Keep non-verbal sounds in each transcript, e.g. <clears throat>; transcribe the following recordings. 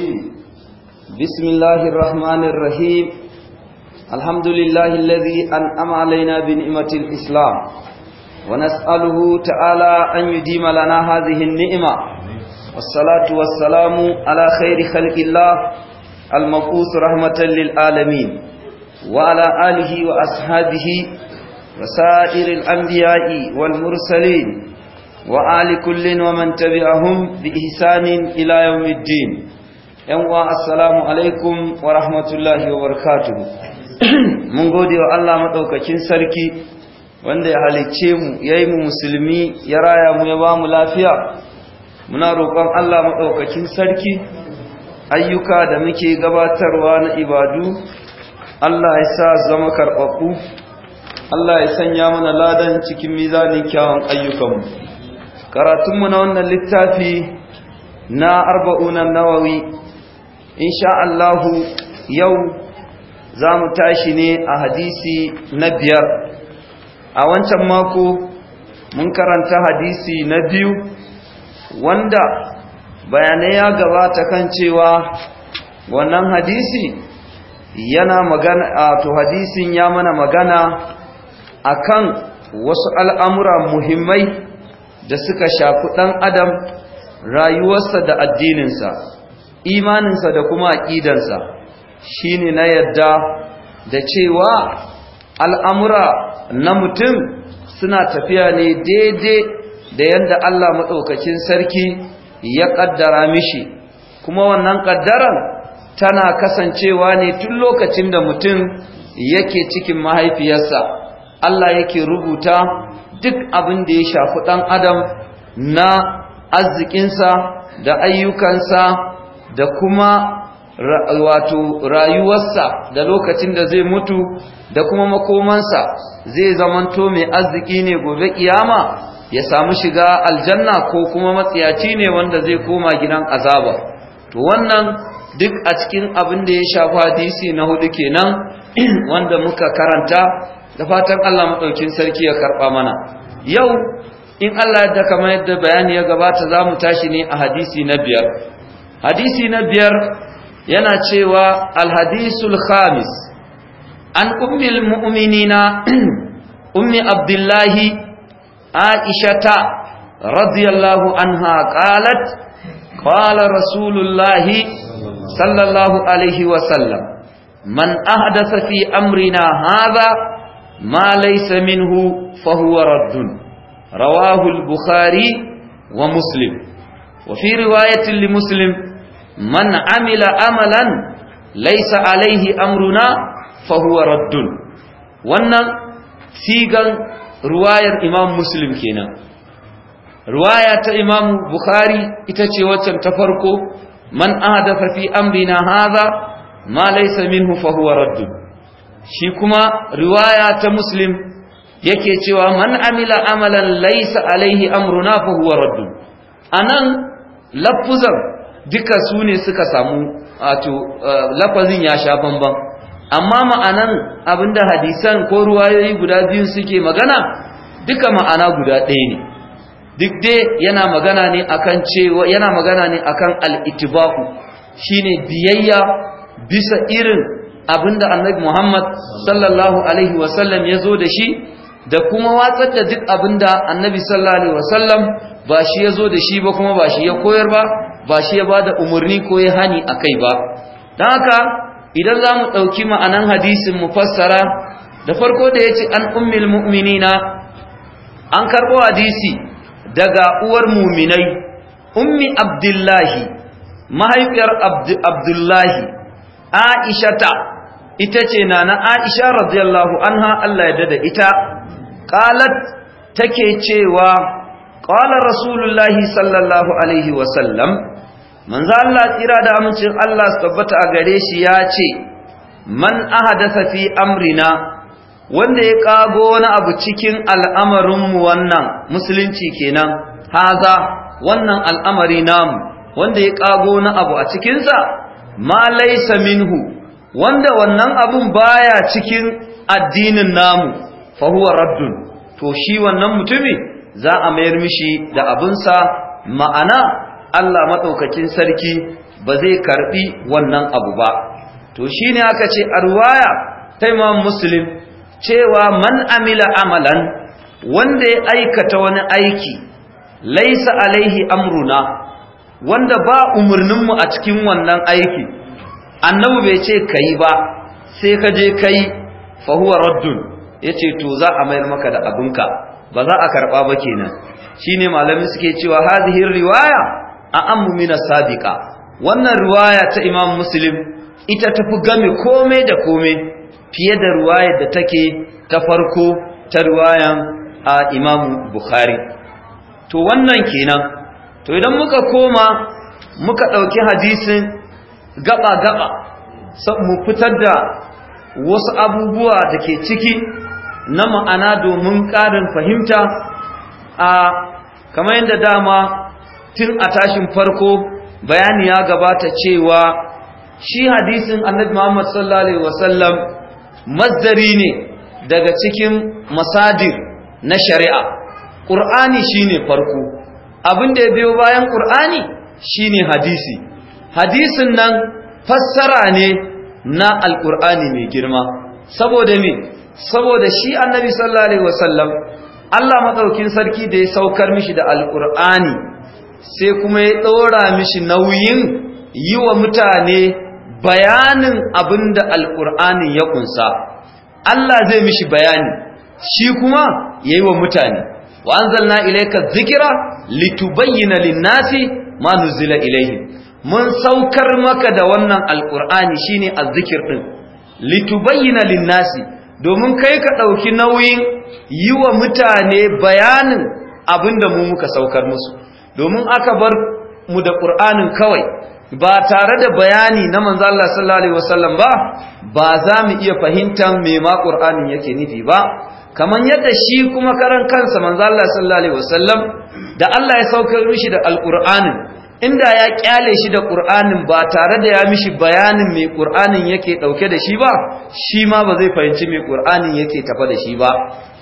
الرجيم بسم الله الرحمن الرحيم الحمد لله الذي أنأم علينا بنعمة الإسلام ونسأله تعالى أن يديم لنا هذه النعمة والصلاة والسلام على خير خلق الله المبعوث رحمة للعالمين وعلى آله وأصحابه وسائر الأنبياء والمرسلين وآل كل ومن تبعهم بإحسان إلى يوم الدين yan uwa assalamu alaikum wa rahmatullahi wa barakatuhu <clears throat> mun gode wa Allah madaukakin sarki wanda ya halicce mu yayi mu musulmi ya raya mu ya ba mu lafiya muna roƙon Allah madaukakin sarki ayyuka da muke gabatarwa na ibadu Allah ya sa zama karɓaɓɓu Allah ya sanya mana ladan cikin mizanin kyawun ayyukanmu karatunmu na wannan littafi na arba'unan nawawi In sha'allahu yau za mu tashi ne a hadisi na biyar a wancan mako mun karanta hadisi na biyu wanda bayanai ya gabata kan cewa wannan hadisi yana magana a to hadisin ya mana magana akan wasu al'amura muhimmai da suka shafi ɗan adam rayuwarsa da addininsa imaninsa da kuma aƙidansa shine na yadda da cewa al'amura na mutum suna tafiya ne daidai da yadda Allah maɗaukacin sarki ya ƙaddara mishi kuma wannan ƙaddaran tana kasancewa ne tun lokacin da mutum yake cikin mahaifiyarsa Allah yake rubuta duk abin da ya shafi ɗan adam na arzikinsa da ayyukansa da kuma wato rayuwarsa da lokacin da zai mutu da kuma makomansa zai zamanto mai arziki ne gobe kiyama ya samu shiga aljanna ko kuma matsiyaci ne wanda zai koma gidan azaba to wannan duk a cikin abin da ya shafa hadisi na hudu kenan <clears throat> wanda muka karanta da fatan Allah madaukin sarki ya karɓa mana yau in Allah yadda kamar yadda bayani ya gabata za mu tashi ne a hadisi na biyar hadisi na biyar yana cewa alhadisul khamis an ummil mu'minina <clears throat> ummi abdullahi aishata radiyallahu anha qalat qala rasulullahi sallallahu alaihi wa sallam man ahdatha fi amrina hadha ma laysa minhu fa huwa raddun rawahu al-bukhari wa muslim Wafi fi riwayatin muslim man amila amalan laisa alaihi amruna huwa raddun wannan sigan ruwayar imam muslim kenan ruwaya ta imam bukhari ita ce waccan ta farko man ahdatha fi amrina hadha ma laysa minhu huwa raddun shi kuma riwaya ta muslim yake cewa man amila amalan laysa alaihi amruna huwa raddun anan lafuzan duka su ne suka samu wato lafazin ya sha bamban amma ma'anan abinda hadisan ko ruwayoyi guda biyun suke magana duka ma'ana guda ɗaya ne duk dai yana magana ne akan cewa yana magana ne akan al-ittiba'u shine biyayya bisa irin abinda Annabi Muhammad sallallahu alaihi wasallam yazo da shi da kuma watsar da duk abinda Annabi sallallahu alaihi wasallam ba shi yazo da shi ba kuma ba shi ya koyar ba ba shi ya bada umarni ko ya hani a kai ba don haka idan za mu ɗauki ma'anan hadisin mu fassara da farko da ya ce an ummil mu'minina an karɓo hadisi daga uwar muminai ummi abdullahi mahaifiyar abdullahi aishata ita ce nana aisha radiyallahu anha Allah ya dada ita qalat take cewa qala rasulullahi sallallahu alaihi wasallam manzo Allah tsira da amincin Allah su tabbata a gare shi ya ce man ahadatha fi amrina wanda ya kago wani abu cikin al'amarinmu wannan musulunci kenan haza wannan al'amari namu wanda ya kago na abu a cikinsa ma laysa minhu wanda wannan abun baya cikin addinin namu huwa raddun to shi wannan mutumin. za a mayar mishi da abinsa ma'ana Allah maɗaukakin sarki ba zai karɓi wannan abu ba to shi ne aka ce a ruwaya ta imam muslim cewa man amila amalan wanda ya aikata wani aiki laisa alaihi amruna wanda ba umarninmu a cikin wannan aiki annabu bai ce ka ba sai ka je kai yi fahuwa raddun ya ce to za a mayar maka da abinka ba za a karɓa ba kenan shine malami suke cewa hadhihi riwaya a ammu min sabiqa wannan riwaya ta imam muslim ita ta fi gami komai da komai fiye da riwayar da take ta farko ta riwayan a imam bukhari to wannan kenan to idan muka koma muka ɗauki hadisin gaba-gaba mu fitar da wasu abubuwa da ke ciki na ma'ana domin ƙarin fahimta a kamar yadda dama tun a tashin farko bayani ya gabata cewa shi hadisin annabi Muhammad sallallahu alaihi wasallam mazdari ne daga cikin masadir na shari'a qur'ani shine farko abin da ya biyo bayan qur'ani shine hadisi hadisin nan fassara ne na alqur'ani mai girma saboda me saboda shi annabi sallallahu alaihi wasallam Allah madaukin sarki da ya saukar mishi da alqur'ani sai kuma ya dora mishi nauyin yi wa mutane bayanin abinda alqur'ani ya kunsa Allah zai mishi bayani shi kuma yayi wa mutane wa anzalna ilayka dhikra litubayyana lin ma nuzila ilayhi mun saukar maka da wannan alqur'ani shine azzikir din litubayyana linnasi domin kai ka ɗauki nauyin yi wa mutane bayanin abin da mu muka saukar musu domin aka bar mu da ƙur'anin kawai ba tare da bayani na manzo Allah sallallahu wasallam ba ba za mu iya fahimtar me ma ƙur'anin yake nufi ba Kamar yadda shi kuma karan kansa manzo Allah sallallahu wasallam da Allah ya saukar mishi da alƙur'anin inda ya kyale shi da Qur'anin ba tare da ya mishi bayanin mai ƙur'anin yake ɗauke da shi ba shi ma ba zai fahimci mai ƙur'anin yake tafa da shi ba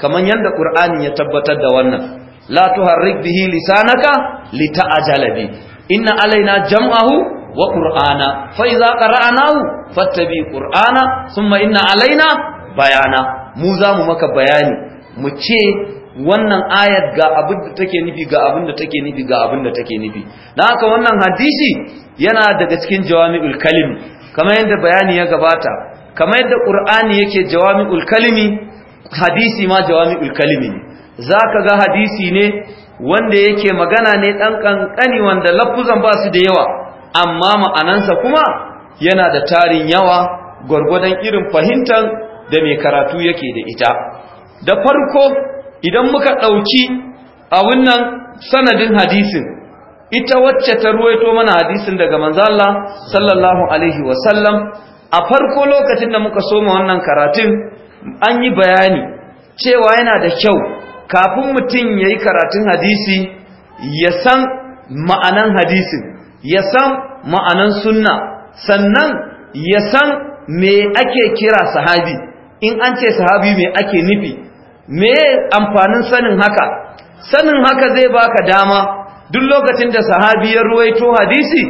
kamar yadda Qur'anin ya tabbatar da wannan la tuharrik bihi lisanaka lita'ajala bi inna alaina jam'ahu wa qur'ana fa idza qara'nahu fattabi qur'ana thumma inna alaina bayana mu za mu maka bayani mu ce wannan ayat ga abin da take nufi ga abin da take nufi ga abin da take nufi dan haka wannan hadisi yana daga cikin jawami'ul kalim kamar yadda bayani ya gabata kamar yadda qur'ani yake jawami'ul kalimi hadisi ma jawami'ul kalimi zaka ga hadisi ne wanda yake magana ne dan kankani wanda lafuzan ba su da yawa amma ma'anansa kuma yana da tarin yawa gwargwadon irin fahimtar da mai karatu yake da ita da farko idan muka ɗauki a wannan sanadin hadisin ita wacce ta ruwaito mana hadisin daga manzala sallallahu alaihi wasallam a farko lokacin da muka soma wannan karatun an yi bayani cewa yana da kyau kafin mutum ya yi karatun hadisi ya san ma'anan hadisin ya san ma'anan sunna sannan ya san me ake kira sahabi in an ce sahabi me ake nufi me amfanin sanin haka sanin haka zai baka dama duk lokacin da sahabi ya ruwaito hadisi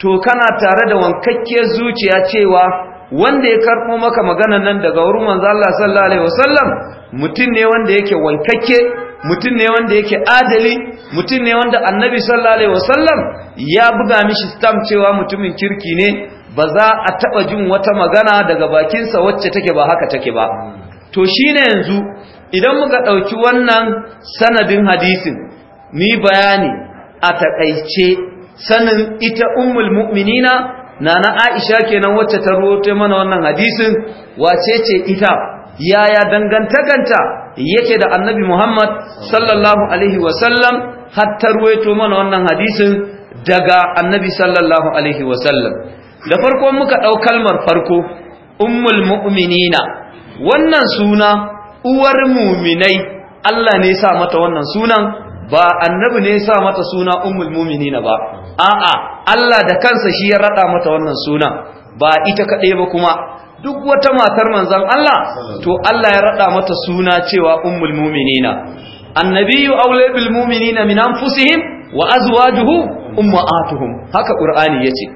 to kana tare da wankakke zuciya cewa wanda ya karɓo maka magana nan daga wurin manzo Allah sallallahu alaihi wasallam mutum ne wanda yake wankakke mutum ne wanda yake adali mutum ne wanda annabi sallallahu alaihi wasallam ya buga mishi stamp cewa mutumin kirki ne ba za a taba jin wata magana daga bakinsa wacce take ba haka take ba to shine yanzu idan muka ɗauki wannan sanadin hadisin ni bayani a taƙaice sanin ita ummul mu'minina nana Aisha kenan wacce ta rawaito mana wannan hadisin wace ce ita yaya dangantakanta yake da Annabi Muhammad sallallahu alaihi wasallam har ta rawaito mana wannan hadisin daga Annabi sallallahu alaihi wasallam da farko muka dau kalmar farko ummul mu'minina wannan suna uwar muminai Allah ne sa mata wannan sunan ba annabi ne sa mata suna ummul muminina ba a'a Allah da kansa shi ya rada mata wannan sunan ba ita kaɗai ba kuma duk wata matar manzon Allah to Allah ya rada mata suna cewa ummul muminina annabiyyu awla bil muminina min anfusihim wa azwajuhu ummahatuhum haka qur'ani yace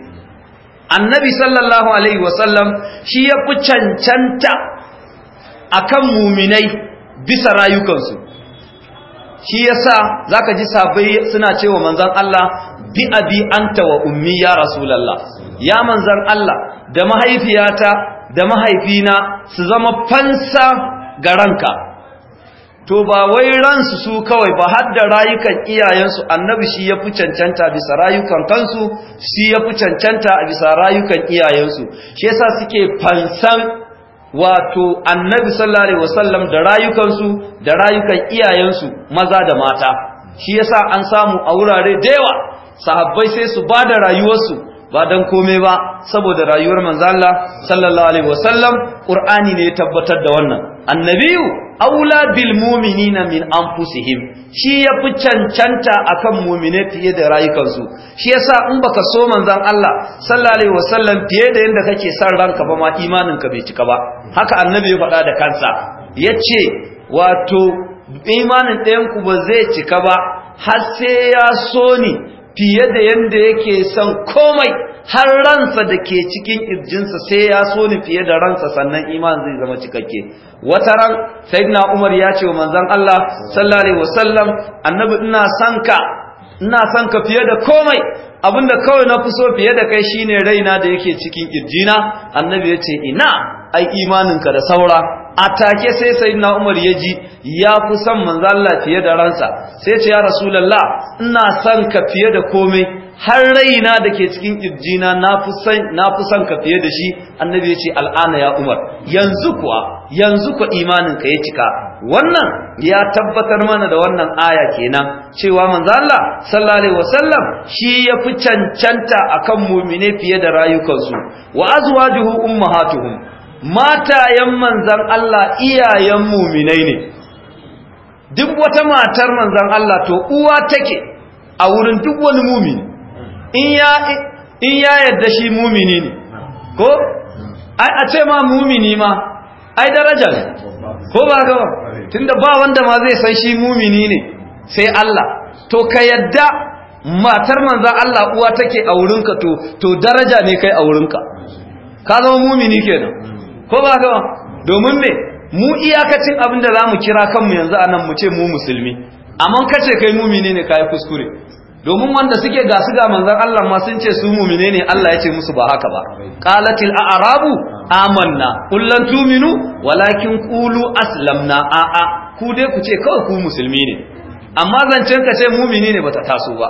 annabi sallallahu alaihi wasallam shi ya ku cancanta akan muminai bisa rayukansu shi yasa zaka ji sabai suna cewa manzon Allah bi abi anta wa ummi ya rasulullah ya manzon Allah da mahaifiyata da mahaifina su zama fansa garanka to ba wai ransu su kawai ba har da rayukan iyayensu annabi shi ya fi cancanta bisa rayukan kansu shi ya fi cancanta bisa rayukan iyayensu shi yasa suke fansan wato annabi sallallahu alaihi wasallam da rayukansu da rayukan iyayensu maza da mata shi yasa an samu a wurare da yawa sahabbai sai su ba da rayuwarsu ba dan kome ba saboda rayuwar manzo Allah sallallahu alaihi wasallam qur'ani ne ya tabbatar da wannan annabiyu aula bil mu'minina min anfusihim shi ya fi cancanta akan mu'mine fiye da rayukansu shi yasa in baka so manzon Allah sallallahu alaihi wasallam fiye da yanda kake san ranka ba ma imanin ka bai cika ba haka annabi ya faɗa da kansa yace wato imanin ɗayan ku ba zai cika ba har sai ya so ni fiye da yanda yake son komai har ransa da ke cikin irjinsa sai ya so ni fiye da ransa sannan iman zai zama cikakke wata ran sayyidina umar ya ce wa manzon Allah sallallahu alaihi wasallam annabi ina son ina sanka fiye da komai abinda kawai na fi so fiye da kai shine raina da yake cikin irjina annabi ya ce ina ai imaninka da saura a take sai sayyidina Umar ya ji ya fi son manzon Allah fiye da ransa sai ce ya Rasulullah ina son ka fiye da komai har raina da ke cikin kirjina na fi son ka fiye da shi annabi ya ce al'ana ya umar yanzu kuwa yanzu kuwa imaninka ya cika wannan ya tabbatar mana da wannan aya kenan cewa manzo Allah sallallahu alaihi wasallam shi ya fi cancanta akan mu'mine fiye da rayukansu wa azwajuhu ummahatuhum matayen manzan Allah iyayen mu'minai ne duk wata matar manzon Allah to uwa take a wurin duk wani mumini in ya yadda shi mumini ne ko a ce ma mumini ma ai daraja ne ko ba ga tunda ba wanda ma zai san shi mumini ne sai Allah to ka yadda matar manzan Allah uwa take a wurinka to to daraja ne kai a wurinka ka zama mumini kenan ko ba ga domin me mu iyakacin abin da zamu kira kanmu yanzu anan mu ce mu musulmi amma kace kai mumini ne kai kuskure domin wanda suke ga su ga Manzan Allah ma sun ce su mu'mine ne Allah ya ce musu ba haka ba qalatil a'rabu amanna qul lan tu'minu walakin qulu aslamna a a ku dai ku ce kawai ku musulmi ne amma zancen ka ce mu'mini ne bata taso ba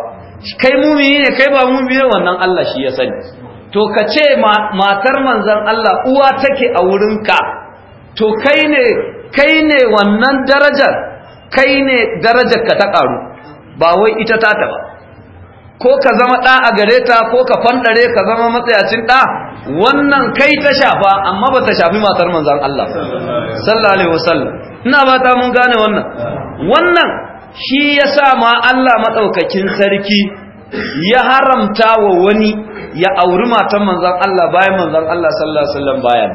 kai mu'mini ne kai ba mu'mini wannan Allah shi ya sani to ka ce matar manzan Allah uwa take a wurin ka, to kai ne kai ne wannan darajar kai ne darajar ka ta karu ba wai ita ta ta ba ko ka zama ɗa a gare ta ko ka fanɗare ka zama matsayacin ɗa wannan kai ta shafa amma ba ta shafi matar manzan Allah sallallahu alaihi wasallam ina ba ta mun gane wannan wannan shi yasa ma Allah matsaukakin sarki ya haramta wa wani ya auri matan manzan Allah bayan manzan Allah sallallahu alaihi wasallam bayan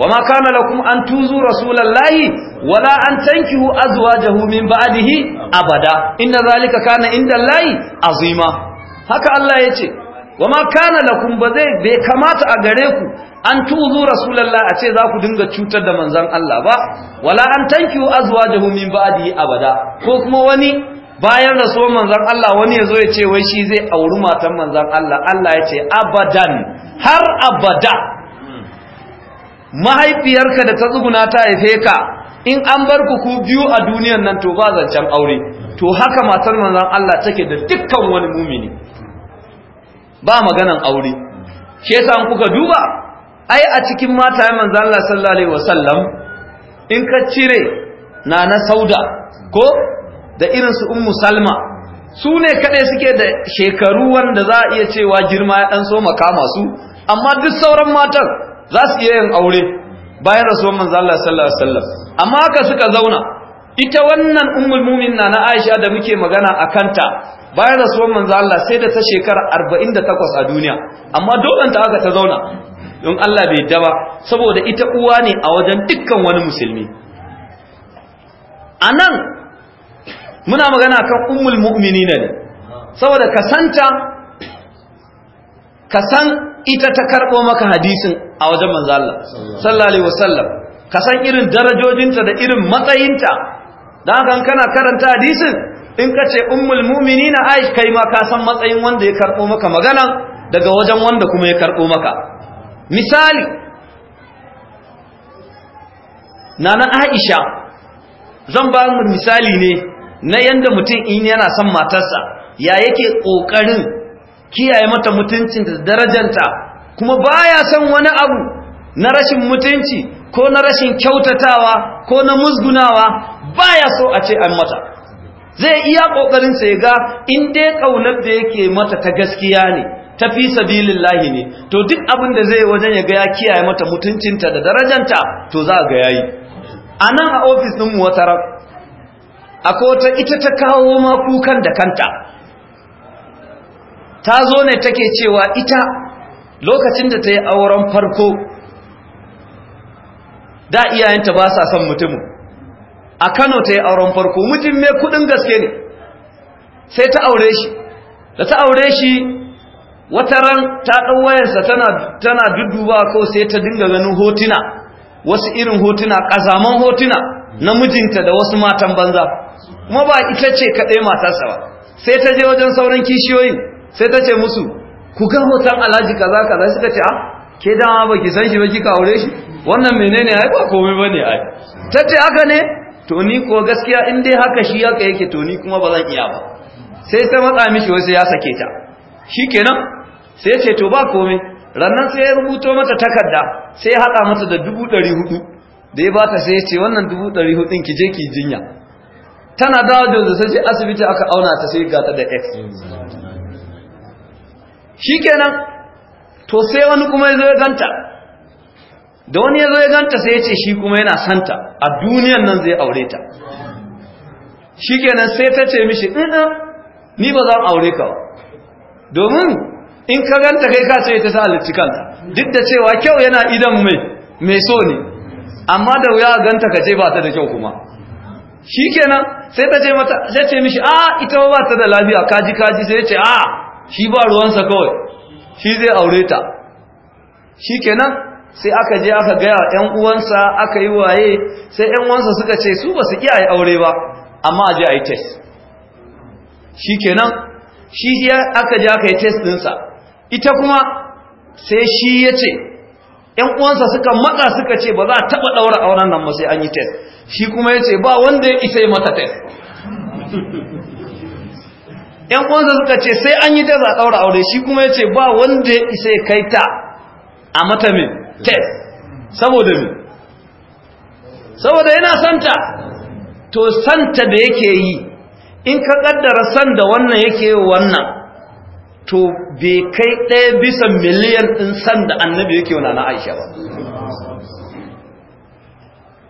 وما كان لكم أن توزوا رسول الله ولا أن تنكهوا أزواجه من بعده أبدا إن ذلك كان عند الله عظيما هكا الله يتي وما كان لكم بذي بكمات أغريكو أن توزوا رسول الله أتي ذاكو دنگا چوتا دمان زن الله با ولا أن تنكهوا أزواجه من بعده أبدا كوكم وني bayan rasuwar manzan Allah wani ya zo ya ce wai shi zai auri matan manzan Allah Allah ya ce abadan har abada mahaifiyarka da ta tsuguna ta haife ka in an bar ku ku biyu a duniyan nan to ba zancen aure to haka matar manzon Allah take da dukkan wani mumini ba maganan aure Ke yasa kuka duba ai a cikin mata manzon Allah sallallahu alaihi wasallam in ka cire na na sauda ko da irin su ummu salma su ne kadai suke da shekaru wanda za a iya cewa girma ya dan so makama su amma duk sauran matan za su iya yin aure bayan rasuwar manzo Allah sallallahu alaihi wasallam amma haka suka zauna ita wannan ummul mu'minin na Aisha da muke magana a kanta bayan rasuwar manzo Allah sai da ta shekara arba'in da 48 a duniya amma dokan ta haka ta zauna don Allah bai daba saboda ita uwa ne a wajen dukkan wani musulmi anan muna magana kan ummul mu'minin ne saboda kasanta kasan ita ta karɓo maka hadisin a wajen manzo Allah sallallahu alaihi wasallam ka san irin darajojinta da irin matsayinta dan haka kana karanta hadisin in ka ce ummul mu'minina Aisha kai ma ka san matsayin wanda ya karɓo maka magana daga wajen wanda kuma ya karɓo maka misali nana Aisha zan ba mu misali ne na yanda mutum in yana son matarsa ya yake kokarin kiyaye mata mutuncin da darajanta kuma baya son wani abu na rashin mutunci ko na rashin kyautatawa ko na musgunawa baya so a ce an mata zai iya kokarin sa ya ga in dai kaunar da yake mata ta gaskiya ne ta fi sabilillahi ne to duk abin da zai wajen ya ga ya kiyaye mata mutuncinta da darajanta to za ga yayi anan a office din mu wata akwai ita ta kawo ma kukan da kanta ta zo ne take cewa ita lokacin da ta yi auren farko da iyayenta ba sa son mutumin a kano ta yi auren farko mutum mai kudin gaske ne sai ta aure shi da ta aure shi wata ran ta ɗan wayansa tana dudduba ko sai ta dinga ganin hotuna wasu irin hotuna ƙazaman hotuna na mijinta da wasu matan banza kuma ba ita ce kaɗai matarsa ba sai ta je wajen sauran kishiyoyin sai ta ce musu ku ga hoton alhaji kaza kaza suka ce a ah, ke da ba ki san shi ba kika aure shi wannan menene ai ba komai bane ai ta ce haka ne to ni ko gaskiya in dai haka shi haka yake to ni kuma ba zan iya ba sai ta matsa mishi wasu ya sake ta shikenan sai ya ce to ba komai rannan sai ya rubuto mata takarda sai ya haɗa mata da dubu ɗari hudu da ya bata sai ya ce wannan dubu ɗari hudun ki je ki jinya tana dawo da sai asibiti aka auna ta sai gata da x shikenan to sai wani kuma ya zo ya ganta da wani ya zo ya ganta sai ya ce shi kuma yana santa a duniyan nan zai aure ta shikenan sai ta ce mishi ina ni ba zan aure ka ba domin in ka ganta kai ka ce ta sa halicci kanta duk da cewa kyau yana idan mai mai so ne amma da wuya ganta ka ce ba ta da kyau kuma shikenan sai ta ce mata sai ce mishi a ah, ita ba ta da lafiya kaji kaji sai ya ce a ah, shi ba ruwansa kawai shi zai aure ta shi kenan sai aka je aka gaya ‘yan uwansa aka yi waye sai ‘yan uwansa suka ce su ba su kiyaye aure ba amma a je a yi test shi kenan shi ya aka je aka yi test ɗinsa ita kuma sai shi ya ce ‘yan uwansa suka matsa suka ce ba za a taɓa ɗaura auren nan ba sai an yi test shi kuma ya ce ba wanda ya isa yi mata test ‘yan uwansa suka ce sai an yi ta za ɗaura aure shi kuma ya ce ba wanda ya isa ya kai ta a mata min test saboda saboda yana santa to santa da yake yi in ka ƙaddara sanda wannan yake yi wannan to bai kai ɗaya bisa miliyan ɗin sanda annabi yake wana na aisha ba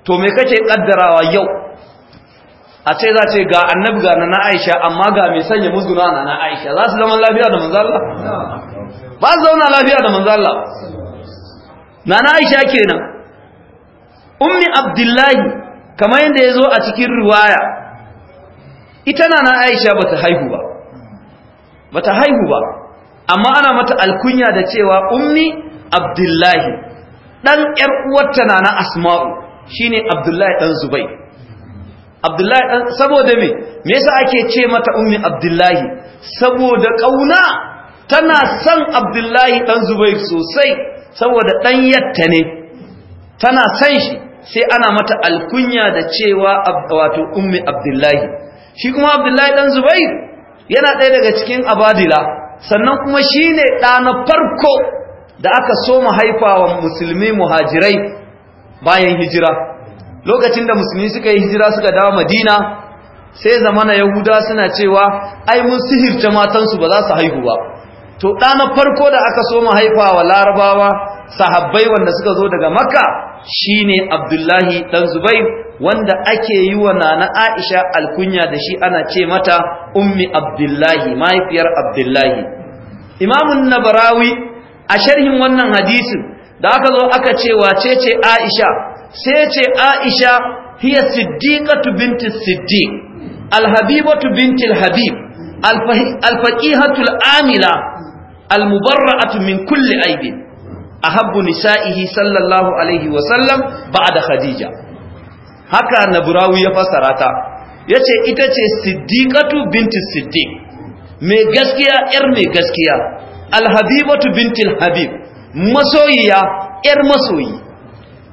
to me kake ƙaddarawa yau a ce za ce ga annabi ga na Aisha amma ga mai sanya musguna na Aisha za su zama lafiya da Manzala? ba su zauna lafiya da Manzala. na na Aisha kenan ummi abdullahi kamar yadda ya zo a cikin riwaya ita na na Aisha bata haihu ba bata haihu ba amma ana mata alkunya da cewa ummi abdullahi ɗan ƴar uwarta na na Asma'u shine abdullahi ɗan zubai abdullahi dan saboda me me yasa ake ce mata ummi abdullahi saboda kauna tana san abdullahi dan zubair sosai saboda dan yatta ne tana san shi sai ana mata alkunya da cewa wato ummi abdullahi shi kuma abdullahi dan zubair yana ɗaya daga cikin abadila sannan kuma shine ɗa na farko da aka so mu haifawa musulmi muhajirai bayan hijira lokacin da musulmi suka yi hijira suka dawo madina sai zamana yahuda suna cewa ai mun sihirce matansu ba za su haihu ba to ɗana farko da aka so mu wa larabawa sahabbai wanda suka zo daga makka shine abdullahi dan zubair wanda ake yi wa nana aisha alkunya da shi ana ce mata ummi abdullahi mahaifiyar abdullahi imamun nabarawi a sharhin wannan hadisin da aka zo aka ce wace ce aisha sai ce aisha hiya siddiqatu binti siddiq alhabibatu binti alhabib alfaqihatu alamila almubarra'atu min kulli A ahabbu nisa'ihi sallallahu alaihi wa sallam ba'da khadija haka nabrawi ya fasara ta yace ita ce siddiqatu binti siddiq mai gaskiya yar mai gaskiya alhabibatu binti alhabib masoyiya yar masoyi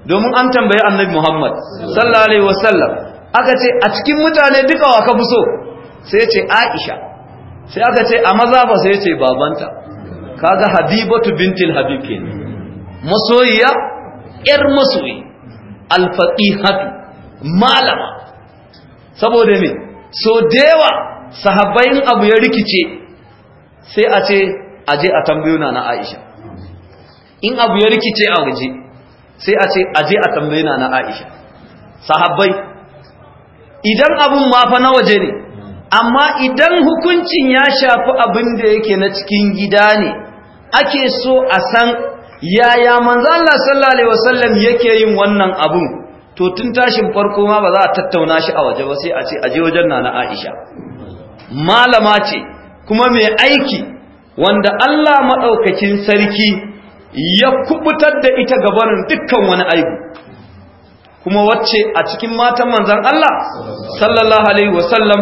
domin an tambayi annabi Muhammad sallallahu alaihi wasallam aka ce a cikin mutane duka wa ka fi so sai ya ce Aisha sai aka ce a maza ba sai ya ce babanta kaga Habibatu bintil Habib kenan masoyiya yar masoyi alfaqihatu malama saboda me so dewa sahabbayin abu ya rikice sai a ce aje a tambayuna na Aisha in abu ya rikice a waje sai a ce aje a tambayi na Aisha sahabbai idan abun ma fa na waje ne amma idan hukuncin ya shafi abin da yake na cikin gida ne ake so a san yaya manzo Allah sallallahu alaihi wasallam yake yin wannan abun to tun tashin farko ma ba za a tattauna shi a waje ba sai a ce aje wajen na Aisha malama ce kuma mai aiki wanda Allah madaukakin sarki ya kubutar da ita gabanin dukkan wani aibu kuma wacce a cikin matan manzan Allah sallallahu alaihi wasallam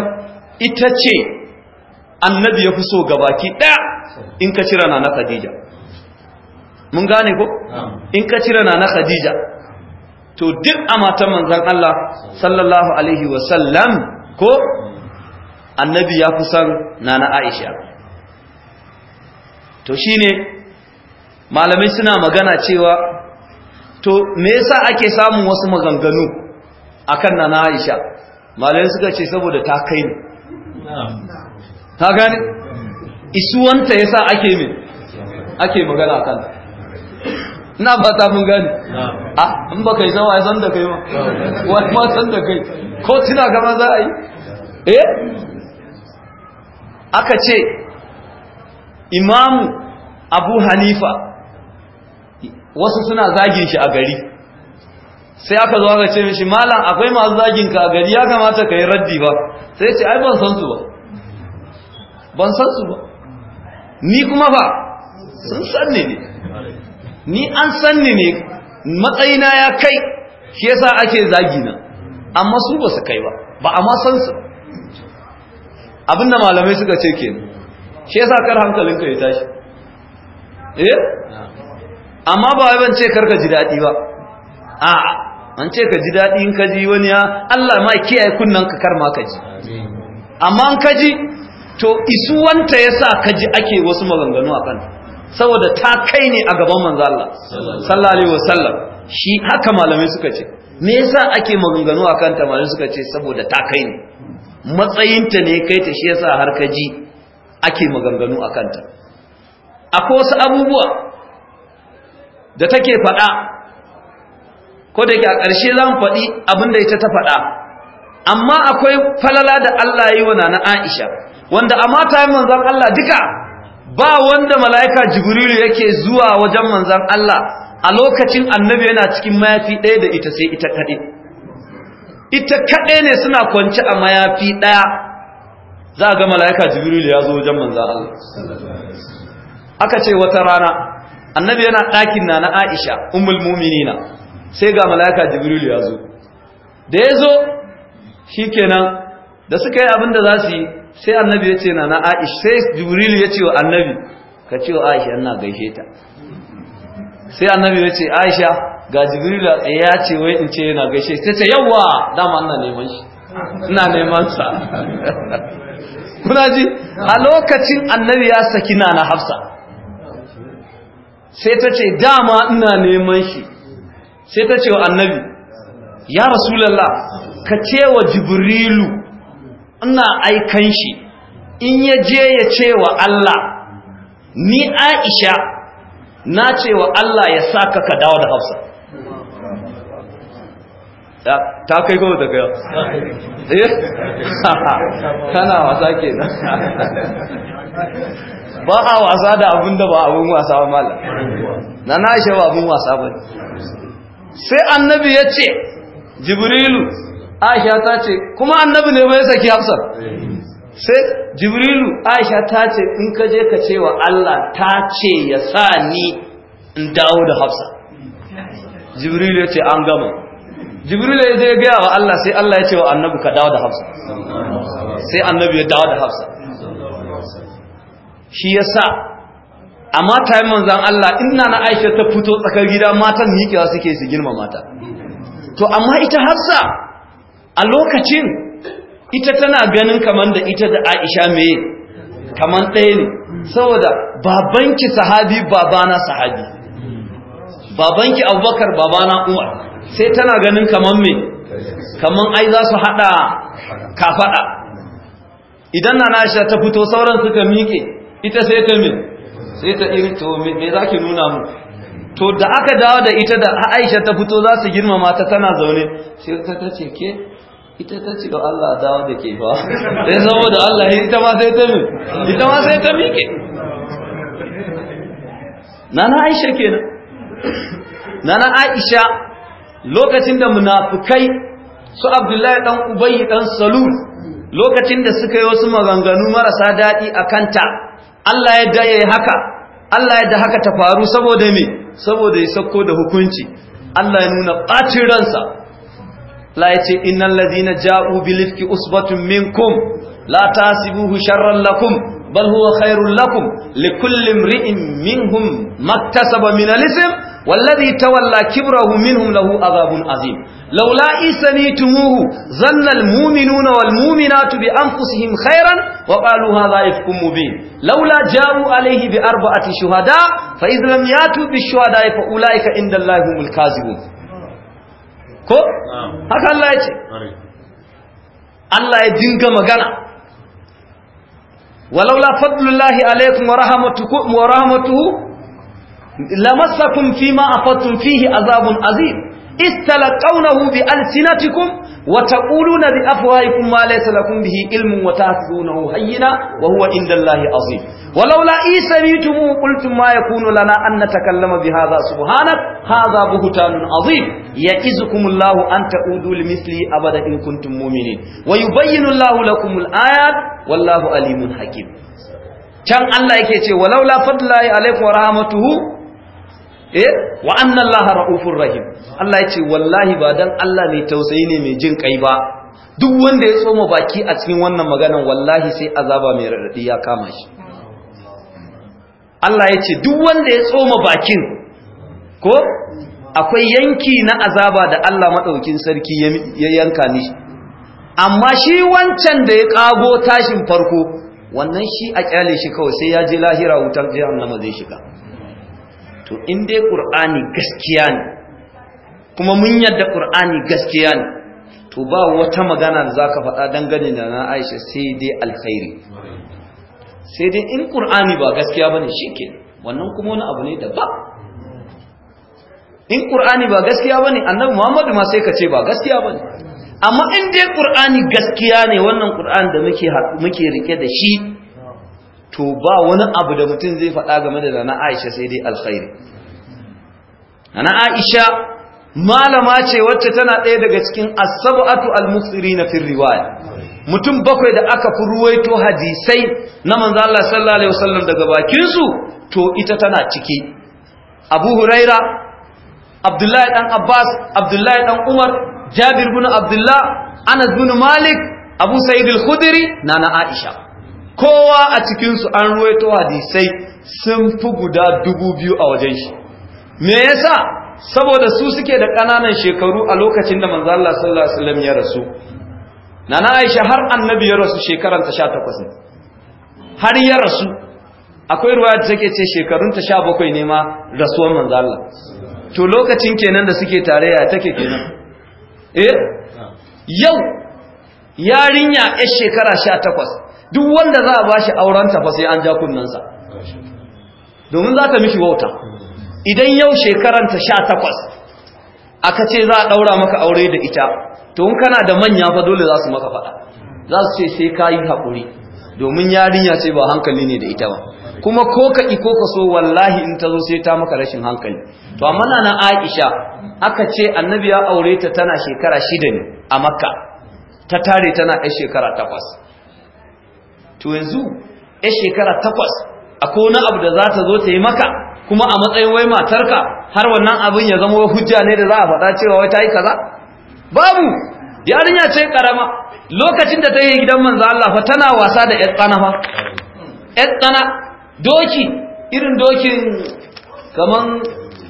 ita ce annabi ya fi so gabaki ɗaya in ka cira na na khadija mun gane ko in ka cira na na khadija to duk a matan manzan Allah sallallahu alaihi wasallam ko annabi ya fi son na na aisha to shine malamai suna magana cewa to me yasa ake samun wasu maganganu akan nana Aisha malamai suka ce saboda ta kai ne ta gane isuwanta yasa ake me ake magana akan na ba ta mun gani? a in ba kai san wai san da kai ma wai ma san da kai ko tuna ga ma za a yi eh aka ce imamu abu hanifa wasu suna zagin shi a gari sai aka zo aka ce mishi malam akwai masu zagin ka a gari ya kamata ka yi raddi ba sai ya ce ai ban san su ba ban san su ba ni kuma ba sun san ne ni an san ne matsayina ya kai shi yasa ake zagina amma su ba su kai ba ba a ma san su da malamai suka ce kenan shi yasa kar hankalinka ya tashi eh amma ba wai ban ce karka ji daɗi ba a an ce ka ji daɗi in ka ji wani ya Allah ma kiyaye kunnan ka kar ma ka ji amma in ka ji to isu ya yasa ka ji ake wasu maganganu a kan saboda ta kai ne a gaban manzo Allah sallallahu alaihi wasallam shi haka malamai suka ce me yasa ake maganganu a kanta malamai suka ce saboda ta kai ne matsayinta ne kai ta shi yasa har ka ji ake maganganu a kanta akwai wasu abubuwa da take faɗa ko da ke a ƙarshe za mu faɗi abinda ita ta faɗa amma akwai falala da Allah ya yi wa Nana Aisha wanda amma ta yi manzan Allah duka ba wanda mala'ika jibrilu yake zuwa wajen manzan Allah a lokacin annabi yana cikin mayafi ɗaya da ita sai ita kaɗai ita kaɗai ne suna kwanci a mayafi ɗaya za a ga mala'ika jibrilu ya zo wajen manzan Allah aka ce wata rana annabi yana ɗakin na na aisha ummul muminina sai ga mala'ika jibril ya zo da ya zo shikenan da suka yi abin da za su yi sai annabi ya ce na na aisha sai jibril ya ce wa annabi ka ce wa aisha ina gaishe ta sai annabi ya ce aisha ga jibril ya ce wai in ce yana gaishe ta ce yawa dama ina neman shi ina neman sa <laughs> kuna ji a lokacin annabi ya saki na na hafsa sai ta ce dama ina neman shi sai ta ce wa annabi ya rasulallah ka ce wa jibrilu ina aikan shi in ya je ya ce wa Allah ni aisha na ce wa Allah ya sa ka ka dawo da hafsa ta kai kuma ta kai eh Tana <laughs> wasa kenan <laughs> ba a wasa da abin da ba abin wasa ba malam na na shi ba abin wasa ba sai annabi ya ce jibrilu aisha ta ce kuma annabi ne bai saki hafsar sai jibrilu aisha ta ce in ka je ka ce wa Allah ta ce ya sa ni in dawo da hafsa jibrilu ya ce an gama jibrilu ya je gaya wa Allah sai Allah ya ce wa annabi ka dawo da hafsa sai annabi ya dawo da hafsa shi ya sa a mata yi manzon Allah ina na Aisha ta fito tsakar gida matan miƙewa suke su girma mata to amma ita hassa a lokacin ita tana ganin kaman da ita da Aisha mai kaman ɗaya ne saboda babanki sahabi babana sahabi babanki Abubakar babana Umar sai tana ganin kaman me kaman ai za su hada kafada idan na Aisha ta fito sauran suka miƙe ita sai ta min sai ta iri to me za ki nuna mu to da aka dawo da ita da aisha ta fito za su girmama ta tana zaune sai ta ta ce ke ita ta ce Allah dawo da ke ba? <laughs> sai saboda Allah ita ma sai ta min ita ma sai ta mike nana aisha kenan nana aisha lokacin da munafukai su abdullahi dan ubayy dan salul lokacin da suka yi wasu maganganu marasa daɗi a kanta Allah ya da yi haka Allah ya da haka ta faru saboda me saboda ya sako da hukunci Allah ya nuna bacin ransa la yace innal ladina ja'u bil ifki usbatun minkum la tasibuhu sharran lakum bal huwa khairul lakum min hum. minhum maktasaba min al-ithm والذي تولى كبره منهم له عذاب عظيم لولا إسنيتموه ظن المؤمنون والمؤمنات بأنفسهم خيرا وقالوا هذا إفك مبين لولا جاءوا عليه بأربعة شهداء فإذ لم ياتوا بالشهداء فأولئك عند الله هم الكاذبون ko haka Allah ya ce Allah ya dinga magana walaula fadlullahi alaikum wa rahmatuhu lamassakum fima afattum fihi azabun azim istalqawnahu bialsinatikum wa taquluna bi afwahikum ma laysa lakum bihi ilmun wa tahsubunahu hayyina wa huwa indallahi azim walaula isamitum qultum ma yakunu lana an natakallama bihadha subhanak hadha buhtanun azim ya'izukumullahu an ta'udu limithli abada in kuntum mu'minin wa yubayyinu allahu lakumul ayat wallahu alimun hakim can Allah yake ce walaula fadlahi alaikum wa rahmatuhu eh wa anna Allah ra'ufur rahim Allah ya ce wallahi ba dan Allah ne tausayi ne mai jin kai ba duk wanda ya tsoma baki a cikin wannan maganan wallahi sai azaba mai radadi ya kama shi Allah ya ce duk wanda ya tsoma bakin ko akwai yanki na azaba da Allah maɗaukin sarki ya yanka ni amma shi wancan da ya kago tashin farko wannan shi a ƙyale shi kawai sai ya je lahira wutar jahannama zai shiga to in dai ƙur'ani gaskiya ne kuma mun yadda ƙur'ani gaskiya ne to ba wata magana da ka faɗa dangane da na Aisha sai dai alkhairi sai dai in ƙur'ani ba gaskiya bane ke wannan kuma wani abu ne da ba in ƙur'ani ba gaskiya bane annabi Muhammadu ma sai ka ce ba gaskiya bane amma in dai ƙur'ani gaskiya ne wannan qur'an da muke muke rike da shi to ba wani abu da mutum zai faɗa game da nana Aisha sai dai alkhairi nana Aisha malama ce wacce tana ɗaya daga cikin Asabatu almusiri al-musirina mutum bakwai da aka fi ruwaito hadisai na manzo Allah sallallahu alaihi wasallam daga bakin su to ita tana ciki Abu Huraira Abdullahi dan Abbas Abdullahi dan Umar Jabir bin Abdullah Anas bin Malik Abu Sa'id al-Khudri nana Aisha kowa a cikinsu an ruwaito hadisai sun fi guda dubu biyu a wajen shi me yasa saboda su suke da ƙananan shekaru a lokacin da manzo Allah sallallahu alaihi wasallam ya rasu nana Aisha har annabi ya rasu shekaran ta 18 ne har ya rasu akwai ruwaya da take ce shekarun ta 17 ne ma rasuwar manzo Allah to lokacin kenan da suke tare ya take kenan eh yau yarinya yar shekara 18 duk wanda za a bashi ta fa sai an ja kunnansa domin za ta mishi wauta idan yau shekaranta sha takwas aka ce za a ɗaura maka aure da ita to in kana da manya fa dole za su maka faɗa za su ce sai ka yi haƙuri domin yarinya ce ba hankali ne da ita ba kuma ko ka ƙi ko ka so wallahi in ta zo sai ta maka rashin hankali to amma na na aisha aka ce annabi ya aure ta tana shekara shida ne a makka ta tare tana ɗan shekara takwas to yanzu ya shekara takwas akwai wani abu da za ta zo ta yi maka kuma a matsayin wai matarka har wannan abin ya zama hujja ne da za a faɗa cewa wai ta yi kaza babu yarinya ce karama lokacin da ta yi gidan manzo Allah fa tana wasa da ƴan tsana fa ƴan tsana doki irin dokin kaman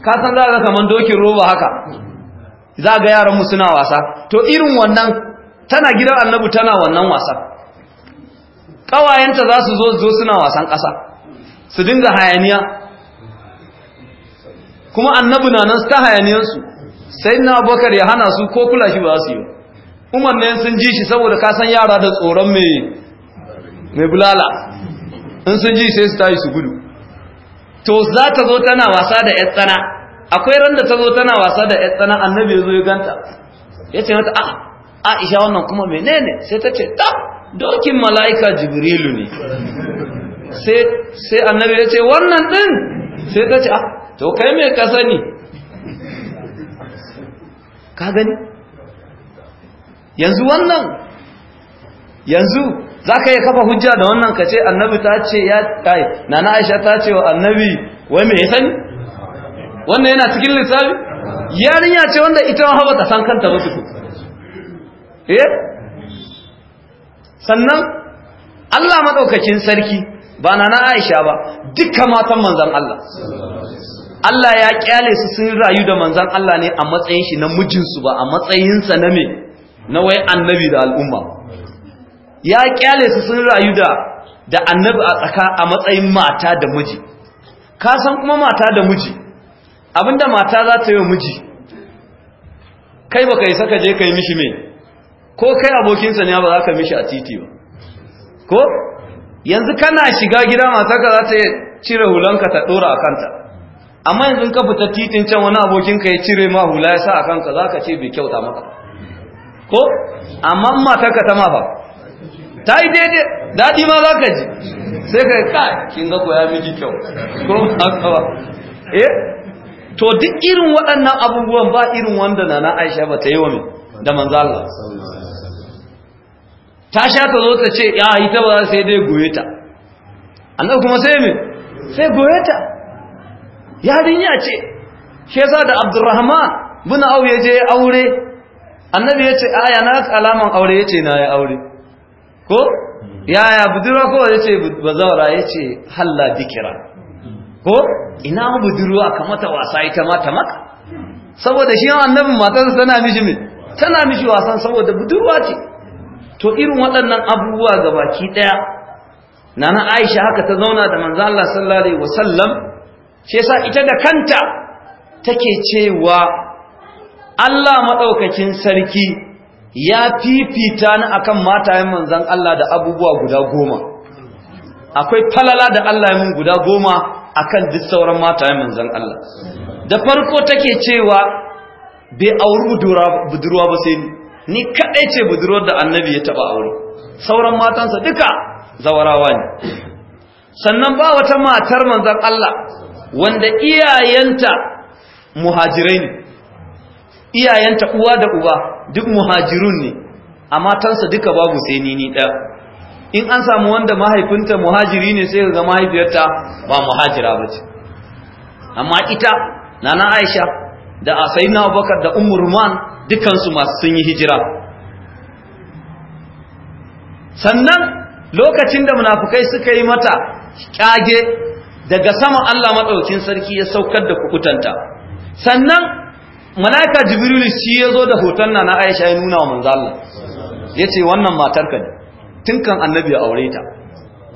ka san za ka kaman dokin roba haka za ga yaran mu suna wasa to irin wannan tana gidan annabi tana wannan wasa Kawayenta za su zo suna wasan ƙasa su dinga hayaniya kuma annabi na nan ta hayaniyarsu sai na abokar ya hana su ko kula shi ba su yi umar ne sun ji shi saboda kasan yara da tsoron mai bulala in sun ji sai su tashi su gudu to za ta zo tana wasa da ‘yar tsana akwai ran da ta zo tana wasa da ‘yar tsana annabi ya zo ya ganta ya ce mata a ah, aisha wannan kuma menene sai ta ce ta ah, dokin mala'ika jibrilu ne sai annabi ya ce wannan ɗin sai ta ce a ah, to kai mai ka sani ka gani yanzu wannan yanzu za ka yi kafa hujja da wannan ka ce annabi ta ce ya kai na na aisha ta ce wa annabi wai mai sani wannan yana cikin lissafi yarinya ce wanda ita wa haɓata san kanta ba su eh sannan Allah madaukakin sarki ba na Aisha ba dukkan matan manzon Allah Allah ya kyale su sun rayu da manzon Allah ne a matsayin shi na mijinsu ba a matsayinsa na me na wai annabi da al'umma ya kyale su sun rayu da da annabi a tsaka a matsayin mata da miji ka san kuma mata da miji abinda mata za ta yi miji kai baka yi saka je kai mishi me ko kai abokinsa ne ba za ka mishi a titi ba ko yanzu kana shiga gida matarka za ta cire hulanka ta ɗora a kanta amma yanzu ka fita titin can wani abokinka ya cire ma hula ya sa a kanka za ka ce bai kyauta maka ko amma matarka ta mafa ta yi daidai daɗi ma za ka ji sai ka yi kai kin ga koya miki kyau ko haka ba eh to duk irin waɗannan abubuwan ba irin wanda na aisha ba ta yi wa mai da manzo Allah ta sha ta zo ta ce ya ita ba za sai dai goye ta annabi kuma sai me sai goye ta yarinya ce shi yasa da abdurrahman bin au ya je aure annabi ya ce aya na alaman aure ya ce na ya aure ko ya ya budurwa ko ya ce bazawara ya ce halla dikira ko ina budurwa kamata wasa ita ma ta maka saboda shi annabin matarsa tana mishi tana mishi wasan saboda budurwa ce to irin waɗannan abubuwa ga baki ɗaya nana aisha haka ta zauna da manzan Allah sallallahu alaihi wasallam ce sa ita da kanta take cewa Allah maɗaukakin sarki ya fifita ni akan matayen manzan Allah da abubuwa guda goma akwai falala da Allah ya mun guda goma akan duk sauran matayen manzan Allah da farko take cewa bai auri budurwa ba sai ni kaɗai ce budurwar da annabi ya taɓa aure sauran matansa duka zawarawa ne sannan ba wata matar manzan Allah wanda iyayenta muhajirai ne iyayenta uwa da uba duk muhajirun ne a matansa duka babu sai ni ni in an samu wanda mahaifinta muhajiri ne sai ga mahaifiyarta ba muhajira ba ce. amma ita nana Aisha da Sayyidina Abubakar da umurman dukansu masu sun yi hijira sannan lokacin da munafukai suka yi mata kyage daga sama Allah maɗaukin sarki ya saukar da kukutanta sannan mala'ika jibril shi ya zo da hoton na na aisha ya nuna wa manzala ya ce wannan ka ne tun kan annabi ya aure ta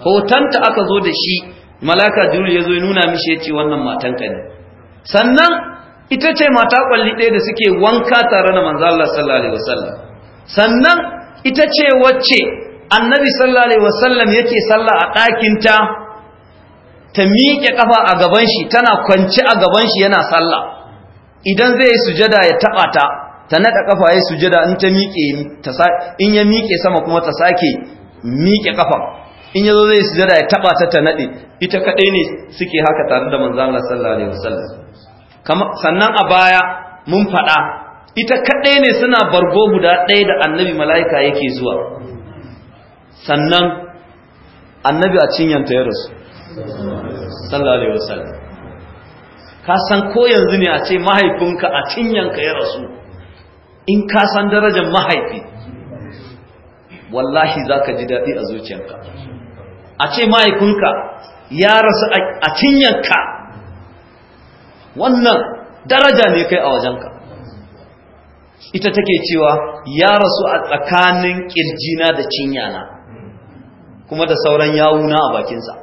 hotonta aka zo da shi mala'ika jibril ya zo ya nuna mishi ya ce wannan ka ne sannan ita ce mata kwalli ɗaya da suke wanka tare da manzo Allah sallallahu alaihi wasallam sannan ita ce wacce annabi sallallahu alaihi wasallam yake sallah a ɗakinta ta miƙe kafa a gaban shi tana kwance a gaban shi yana sallah idan zai yi sujada ya taɓa ta ta naɗa kafa ya sujada in ta miƙe in ya miƙe sama kuma ta sake miƙe kafa in yazo zai sujada ya taba ta ta nade ita kadai ne suke haka tare da manzo Allah sallallahu alaihi wasallam sannan a baya mun faɗa ita kaɗai ne suna bargo guda ɗaya da annabi mala'ika yake zuwa sannan annabi a cinyanta ya rasu sallallahu alaihi wasallam ka san ko yanzu ne a ce mahaifinka a cinyanka ya rasu in ka san darajar mahaifi wallahi za ka ji daɗi a zuciyarka a ce mahaifinka ya rasu a cinyanka wannan daraja ne kai a wajenka ita take cewa ya rasu a tsakanin kirjina da cinyana kuma da sauran yawuna a bakinsa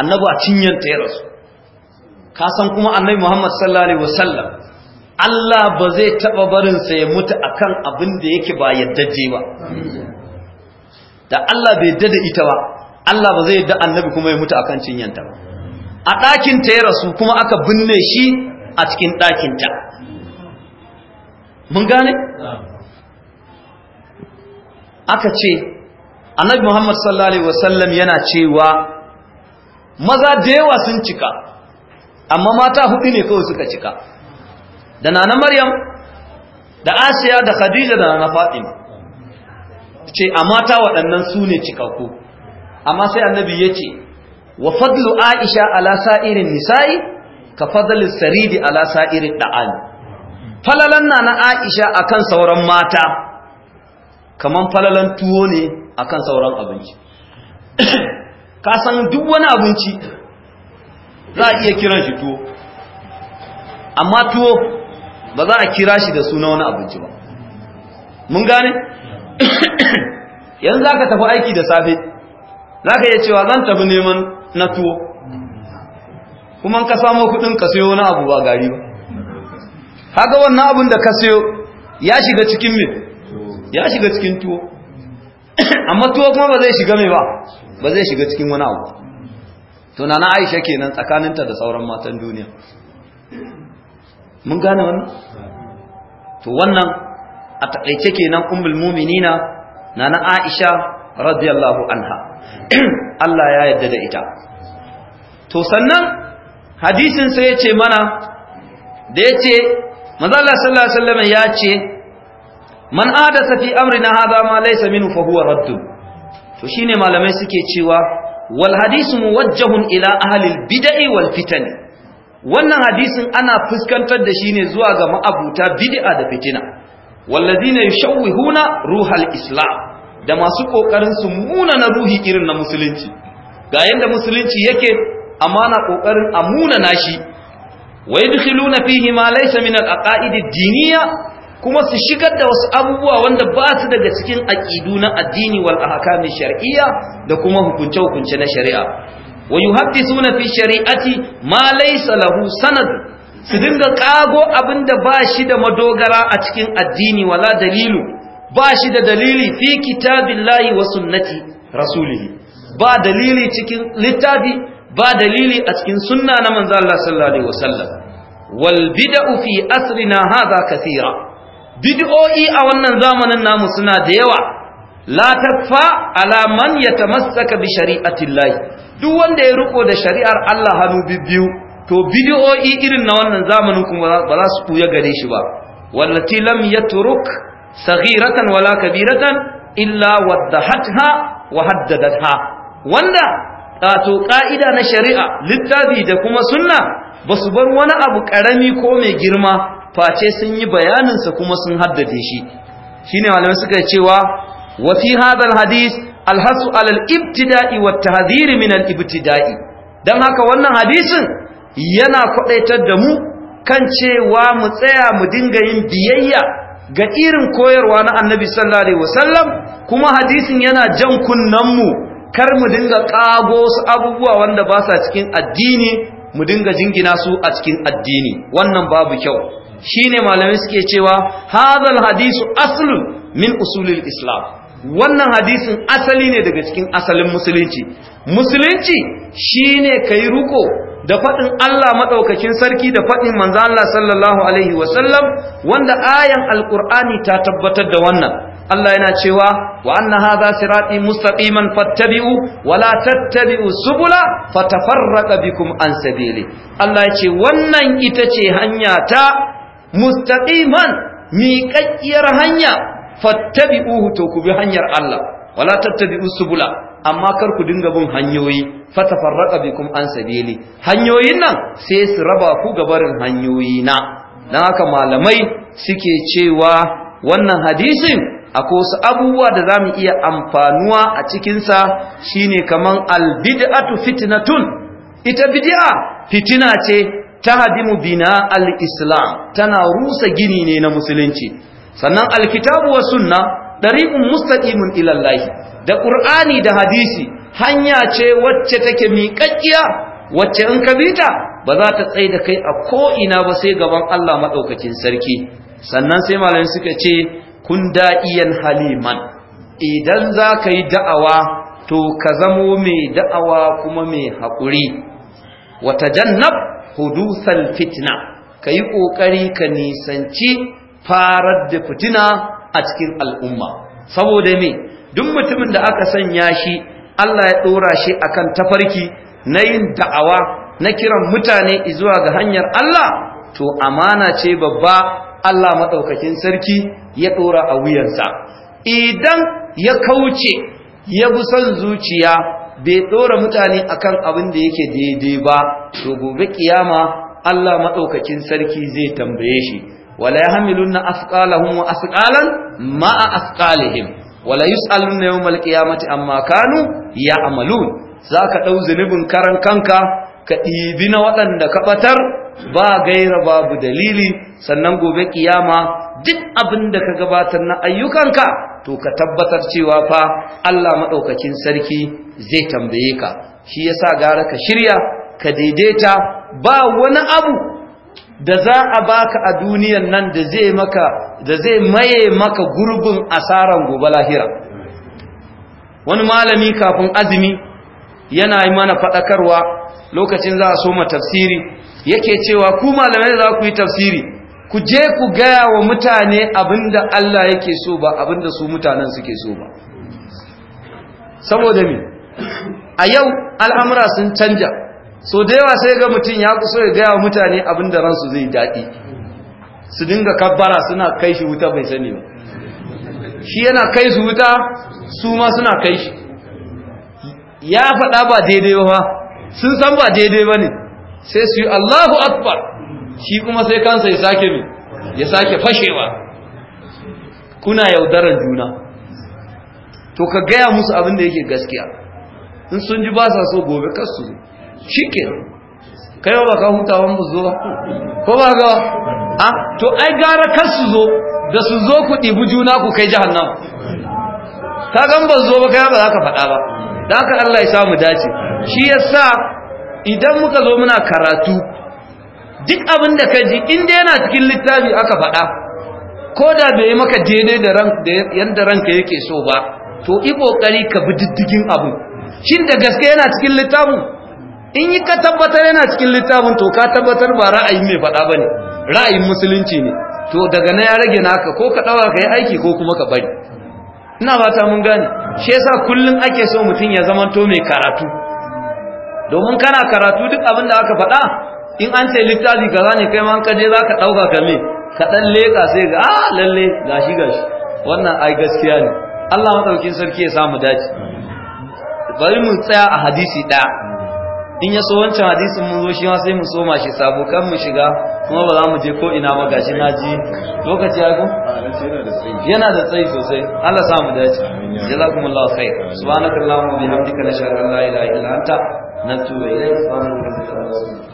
annabu a cinyanta ya rasu kasan kuma annabi muhammad sallallahu alaihi wasallam Allah ba zai taɓa barinsa ya mutu kan abin da yake ba yaddaje ba da Allah bai dada ita ba Allah ba zai yadda annabi kuma ya mutu akan cinyanta ba a ɗakinta ya rasu kuma aka binne shi a cikin ɗakinta mun gane? aka ce annabi muhammad sallallahu alaihi wasallam yana cewa maza da yawa sun cika amma mata hudu ne kawai suka cika da nana maryam da asiya da khadija da nana fatima ce a mata waɗannan su ne cikakku amma sai annabi ya ce wa fadlu aisha ala sa'irin nisa'i ka fadlu saridi ala sa'irin da'ani falalan na na aisha akan sauran mata kaman falalan tuwo ne akan sauran abinci <coughs> ka san duk wani abinci za a iya kiran shi tuwo amma tuwo ba za a kira shi da suna wani abinci ba mun gane <coughs> yanzu za ka tafi aiki da safe za ka iya cewa zan tafi neman na tuwo kuma ka samu kudin ka sayo na abu ba gari ba haka wannan abin da ka sayo ya shiga cikin mai ya shiga cikin tuwo <coughs> amma tuwo kuma ba zai shiga mai ba ba zai shiga cikin wani abu na aisha kenan tsakaninta da sauran matan duniya mun gane wannan to wannan a taƙaice kenan ummul mu'minina nana aisha radiyallahu anha <clears throat> Allah ya yarda da ita to sannan hadisin sai ya ce mana da ya ce manzala sallallahu alaihi wasallam ya ce man adasa fi amrina hadha ma laysa minhu fa huwa radd to shine malamai suke cewa wal hadisu muwajjahun ila ahli al bid'i wal fitan wannan hadisin ana fuskantar da shi ne zuwa ga ma'abuta bid'a da fitina wallazina yushawwihuna ruhal islam da masu ƙoƙarin su munana ruhi irin na musulunci ga yadda musulunci yake amana ƙoƙarin a munana shi wai yadkhuluna fihi ma laysa min al-aqaid ad kuma su shigar da wasu abubuwa wanda ba su daga cikin aƙidu na addini wal ahkam shar'iyya da kuma hukunce hukunce na shari'a wa suna fi shari'ati ma laysa lahu sanad su dinga kago abinda ba shi da madogara a cikin addini wala dalilu ba shi da dalili fi kitabillahi wa sunnati rasulihi ba dalili cikin littafi ba dalili a cikin sunna na manzo Allah sallallahu wasallam wal bid'u fi asrina hadha kathira bid'o'i a wannan zamanin namu suna da yawa la takfa ala man yatamassaka bi shari'ati Allah duk wanda ya riko da shari'ar Allah hannu bibbiyu to bid'o'i irin na wannan zamanin kuma ba za su kuya gare shi ba wallati lam yatruk saghiratan wala kabiratan illa waddahatha wa haddadatha wanda wato ka'ida na shari'a littafi da kuma sunna basu bar wani abu karami ko mai girma face sun yi bayaninsa kuma sun haddace shi shine malamai suka cewa wa fi hadha alhadith alhasu alal ibtida'i wa tahdhir min alibtida'i dan haka wannan hadisin yana kwadaitar da mu kan cewa mu tsaya mu dinga yin biyayya ga irin koyarwa na annabi sallallahu alaihi wasallam kuma hadisin yana jan mu. kar mu dinga kago su abubuwa wanda ba sa cikin addini mu dinga jingina su a cikin addini wannan babu kyau shine malamai suke cewa hadal hadisu aslu min usulil islam wannan hadisin asali ne daga cikin asalin musulunci musulunci shine kai ruko da faɗin Allah maɗaukakin sarki da faɗin manzo Allah sallallahu Alaihi wasallam wanda ayan alƙur'ani ta tabbatar da wannan Allah yana cewa wa anna hadha sirati mustaqiman fattabi'u wa la tattabi'u subula fatafarraqa bikum an sabili Allah yace wannan ita ce hanya ta mustaqiman miƙaƙƙiyar hanya fattabi'u to ku bi hanyar Allah wala tattabi bula, amma kar ku dinga bin hanyoyi fatafarraqa bikum an sabili hanyoyin nan sai su raba ku ga barin hanyoyi na dan haka malamai suke cewa wannan hadisin akwai wasu abubuwa da zamu iya amfanuwa a cikin sa shine kaman al-bidi'atu albid'atu fitnatun ita bid'a fitina ce tahdimu bina al-islam tana rusa gini ne na musulunci sannan alkitabu was sunna ɗari'un mustaqimun ilallahi da ƙur'ani da hadisi hanya ce wacce take miƙaƙƙiya wacce in ka bita ba za ta tsaye da kai a ko'ina ba sai gaban Allah maɗaukakin sarki sannan sai malamin suka ce kun da'iyan haliman idan za ka yi da'awa to ka zamo mai da'awa kuma mai haƙuri wata jannab hudusal fitna ka yi ƙoƙari ka nisanci farar da fitina a cikin al'umma saboda me duk mutumin da aka sanya shi Allah ya ɗora shi akan tafarki na yin da'awa na kiran mutane zuwa ga hanyar Allah to amana ce babba Allah maɗaukakin sarki ya ɗora a wuyansa idan ya kauce ya bi son zuciya bai ɗora mutane akan abin da yake daidai ba to gobe kiyama Allah maɗaukakin sarki zai tambaye shi wala yahmilunna asqalahum wa asqalan ma'a asqalihim wala yus'aluna yawmal qiyamati amma kanu ya'malun zaka dau zunubin karan kanka ka ɗibi na waɗanda ka ɓatar ba gaira babu dalili sannan gobe kiyama duk abin da ka gabatar na ayyukanka to ka tabbatar cewa fa Allah maɗaukakin sarki zai tambaye ka shi yasa gara ka shirya ka daidaita ba wani abu da za a baka a duniyan nan da zai maka da zai maye maka gurbin asaran gobe lahira wani malami kafin azumi yana yi mana fadakarwa lokacin za a so soma tafsiri yake cewa ku malamai za ku yi tafsiri ku je ku gaya wa mutane abinda Allah yake so ba abinda su mutanen suke so ba saboda me a yau al'amura sun canja so da yawa sai ga mutum ya kuso ya gaya wa mutane abin da ransu zai daɗi su dinga kabbara suna kai shi wuta bai sani ba shi yana kai su wuta su ma suna kai shi ya faɗa ba daidai ba sun san ba daidai ba ne sai su yi allahu akbar shi kuma sai kansa ya sake mai ya sake fashewa kuna yaudarar juna to ka gaya musu abin da yake gaskiya in sun ji ba sa so gobe kasu su shi kai ba ka hutawan bu zo ba ko ba ga a to ai gara kar su zo da su zo ku dibu juna ku kai jahannam ka gan ba zo ba kai ba za ka faɗa ba dan haka Allah ya mu dace shi yasa idan muka zo muna karatu duk abin da ka ji inda yana cikin littafi aka faɗa ko da bai yi maka daidai da yadda ranka yake so ba to i kokari ka bi diddigin abu shin da gaske yana cikin littafin in yi ka tabbatar yana cikin littafin to ka tabbatar ba ra'ayin mai faɗa ba ne ra'ayin musulunci ne to daga na ya rage naka ko ka ɗaura ka yi aiki ko kuma ka bari ina fata mun gane shi yasa kullum ake so mutum ya zama to mai karatu domin kana karatu duk abin da aka faɗa in an ce littafi kaza zane kai ma ka je za ka ɗauka ka me ka ɗan leƙa sai ga ah lalle gashi gashi wannan ai gaskiya ne Allah maɗaukin sarki ya samu dace bari mu tsaya a hadisi ɗaya in ya so wancan hadisin mun zo shi ma sai mu soma shi sabo kan mu shiga kuma ba za mu je ko ina ba gashi na ji lokaci ya ko yana da tsayi sosai Allah sa mu dace jazakumullahu khair subhanakallahumma wa bihamdika nashhadu an la ilaha illa anta natubu ilayka nastaghfiruka